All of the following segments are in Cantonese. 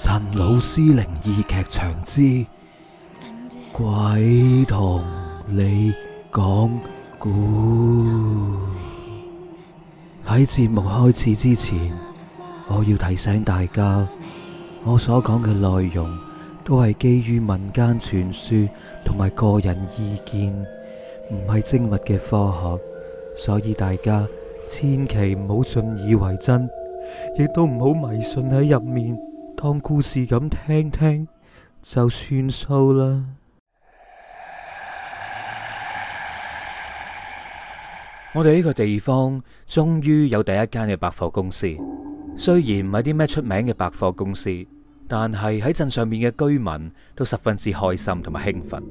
陳老師靈異劇場之「鬼同你講古」，喺節目開始之前，我要提醒大家，我所講嘅內容，都係基於民間傳說同埋個人意見，唔係精密嘅科學，所以大家千祈唔好信以為真，亦都唔好迷信喺入面當故事咁聽聽，就算數啦。我哋呢個地方終於有第一間嘅百貨公司，雖然唔係啲咩出名嘅百貨公司。但係喺鎮上面嘅居民都十分之開心同埋興奮，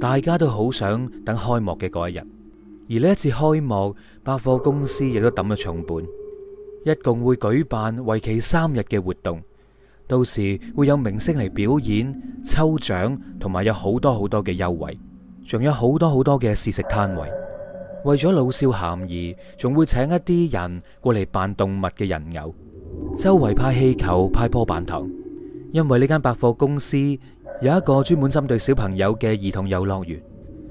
大家都好想等開幕嘅嗰一日。而呢一次開幕，百貨公司亦都抌咗重本，一共會舉辦為期三日嘅活動。到時會有明星嚟表演、抽獎，同埋有好多好多嘅優惠，仲有好多好多嘅試食攤位。為咗老少咸宜，仲會請一啲人過嚟扮動物嘅人偶，周圍派氣球、派波板糖。因為呢間百貨公司有一個專門針對小朋友嘅兒童遊樂園，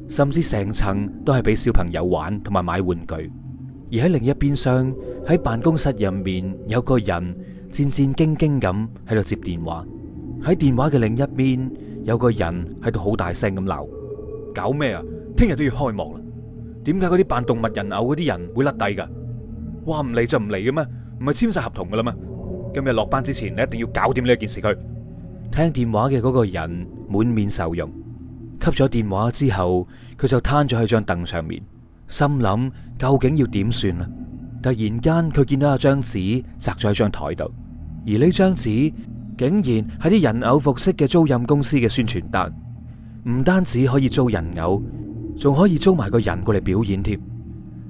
甚至成層都係俾小朋友玩同埋買玩具。而喺另一邊廂，喺辦公室入面有個人戰戰兢兢咁喺度接電話，喺電話嘅另一邊有個人喺度好大聲咁鬧：搞咩啊？聽日都要開幕啦，點解嗰啲扮動物人偶嗰啲人會甩底噶？話唔嚟就唔嚟嘅咩？唔係簽晒合同噶啦咩？今日落班之前，你一定要搞掂呢件事。佢聽電話嘅嗰個人滿面愁容，吸咗電話之後，佢就攤咗喺張凳上面，心諗究竟要點算啊！突然間，佢見到一張紙砸咗喺張台度，而呢張紙竟然係啲人偶服飾嘅租賃公司嘅宣傳單，唔單止可以租人偶，仲可以租埋個人過嚟表演添。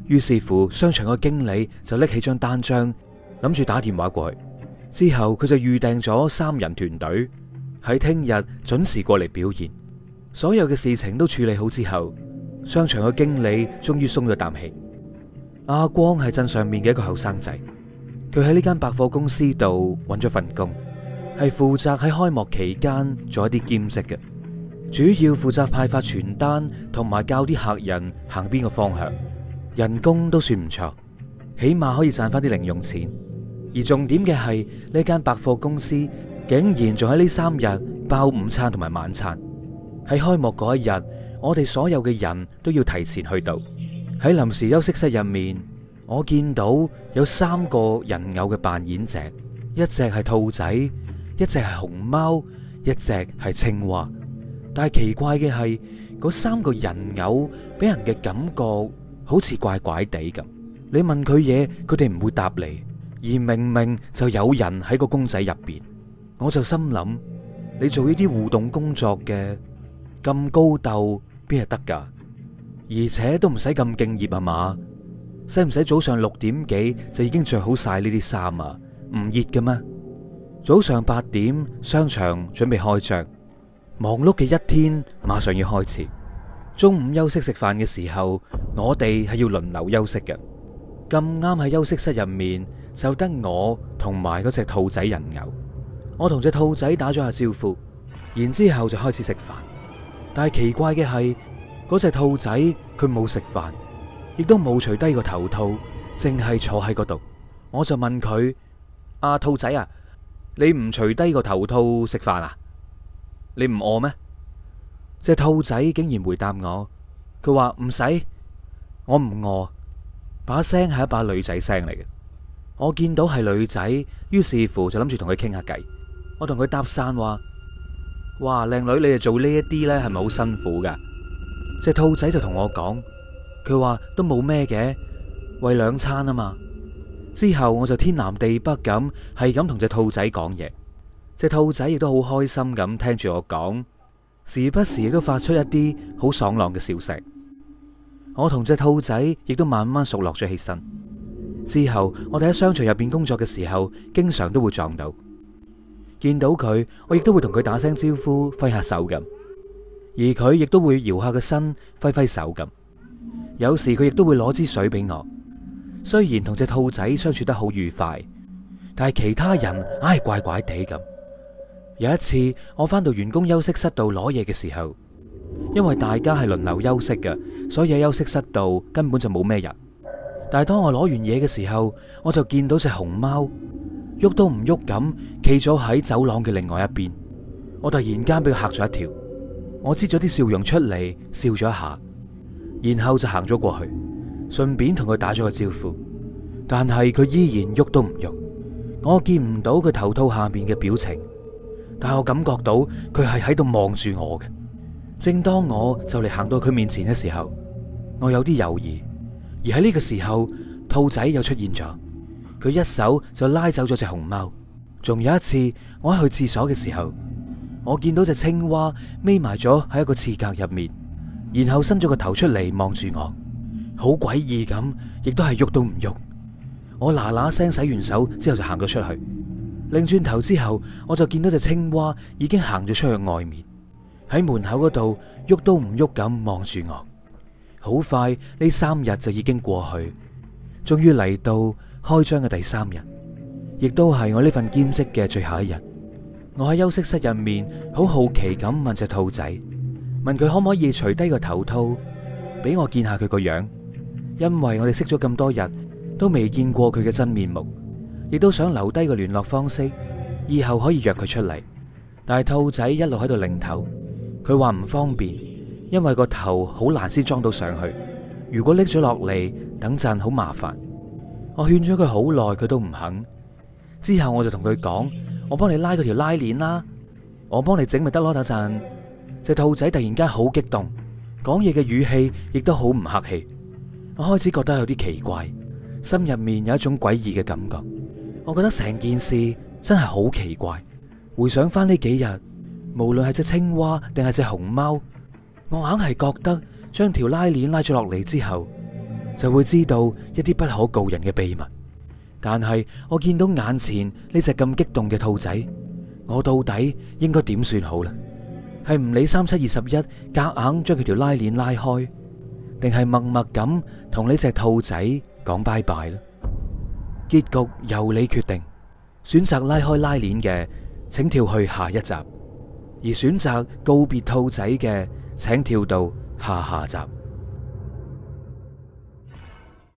於是乎，商場嘅經理就拎起張單張，諗住打電話過去。之後佢就預訂咗三人團隊喺聽日準時過嚟表演。所有嘅事情都處理好之後，商場嘅經理終於鬆咗啖氣。阿光係鎮上面嘅一個後生仔，佢喺呢間百貨公司度揾咗份工，係負責喺開幕期間做一啲兼職嘅，主要負責派發傳單同埋教啲客人行邊個方向，人工都算唔錯，起碼可以賺翻啲零用錢。而重點嘅係呢間百貨公司竟然仲喺呢三日包午餐同埋晚餐。喺開幕嗰一日，我哋所有嘅人都要提前去到。喺臨時休息室入面，我見到有三個人偶嘅扮演者，一隻係兔仔，一隻係熊貓，一隻係青蛙。但係奇怪嘅係，嗰三個人偶俾人嘅感覺好似怪怪地咁。你問佢嘢，佢哋唔會答你。而明明就有人喺個公仔入邊，我就心諗：你做呢啲互動工作嘅，咁高斗邊係得噶？而且都唔使咁敬業啊嘛？使唔使早上六點幾就已經着好晒呢啲衫啊？唔熱嘅咩？早上八點商場準備開張，忙碌嘅一天馬上要開始。中午休息食飯嘅時候，我哋係要輪流休息嘅。咁啱喺休息室入面。就得我同埋嗰隻兔仔人偶，我同隻兔仔打咗下招呼，然之後就開始食飯。但係奇怪嘅係，嗰隻兔仔佢冇食飯，亦都冇除低個頭套，淨係坐喺嗰度。我就問佢：阿、啊、兔仔啊，你唔除低個頭套食飯啊？你唔餓咩？隻兔仔竟然回答我：佢話唔使，我唔餓。把聲係一把女仔聲嚟嘅。我見到係女仔，於是乎就諗住同佢傾下偈。我同佢搭訕話：哇，靚女，你哋做呢一啲呢係咪好辛苦噶？隻兔仔就同我講，佢話都冇咩嘅，喂兩餐啊嘛。之後我就天南地北咁，係咁同隻兔仔講嘢。只兔仔亦都好開心咁聽住我講，時不時亦都發出一啲好爽朗嘅笑聲。我同隻兔仔亦都慢慢熟落咗起身。之後我哋喺商場入邊工作嘅時候，經常都會撞到見到佢，我亦都會同佢打聲招呼，揮下手咁。而佢亦都會搖下個身，揮揮手咁。有時佢亦都會攞支水俾我。雖然同隻兔仔相處得好愉快，但係其他人唉怪怪地咁。有一次我翻到員工休息室度攞嘢嘅時候，因為大家係輪流休息嘅，所以喺休息室度根本就冇咩人。但係當我攞完嘢嘅時候，我就見到隻熊貓喐都唔喐咁企咗喺走廊嘅另外一邊。我突然間俾佢吓咗一跳，我擠咗啲笑容出嚟，笑咗一下，然後就行咗過去，順便同佢打咗個招呼。但係佢依然喐都唔喐，我見唔到佢頭套下面嘅表情，但係我感覺到佢係喺度望住我嘅。正當我就嚟行到佢面前嘅時候，我有啲猶豫。而喺呢個時候，兔仔又出現咗，佢一手就拉走咗隻熊貓。仲有一次，我去廁所嘅時候，我見到隻青蛙匿埋咗喺一個廁格入面，然後伸咗個頭出嚟望住我，好詭異咁，亦都係喐都唔喐。我嗱嗱聲洗完手之後就行咗出去，擰轉頭之後，我就見到隻青蛙已經行咗出去外面，喺門口嗰度喐都唔喐咁望住我。好快呢三日就已經過去，終於嚟到開張嘅第三日，亦都係我呢份兼職嘅最後一日。我喺休息室入面，好好奇咁問隻兔仔，問佢可唔可以除低個頭套，俾我見下佢個樣，因為我哋識咗咁多日，都未見過佢嘅真面目，亦都想留低個聯絡方式，以後可以約佢出嚟。但係兔仔一路喺度擰頭，佢話唔方便。因為個頭好難先裝到上去，如果拎咗落嚟，等陣好麻煩。我勸咗佢好耐，佢都唔肯。之後我就同佢講，我幫你拉嗰條拉鏈啦，我幫你整咪得咯。等陣隻兔仔突然間好激動，講嘢嘅語氣亦都好唔客氣。我開始覺得有啲奇怪，心入面有一種詭異嘅感覺。我覺得成件事真係好奇怪。回想翻呢幾日，無論係隻青蛙定係隻熊貓。我硬係覺得將條拉鏈拉咗落嚟之後，就會知道一啲不可告人嘅秘密。但係我見到眼前呢隻咁激動嘅兔仔，我到底應該點算好呢？係唔理三七二十一，夾硬將佢條拉鏈拉開，定係默默咁同呢隻兔仔講拜拜呢？結局由你決定。選擇拉開拉鏈嘅，請跳去下一集；而選擇告別兔仔嘅，請跳到下下集。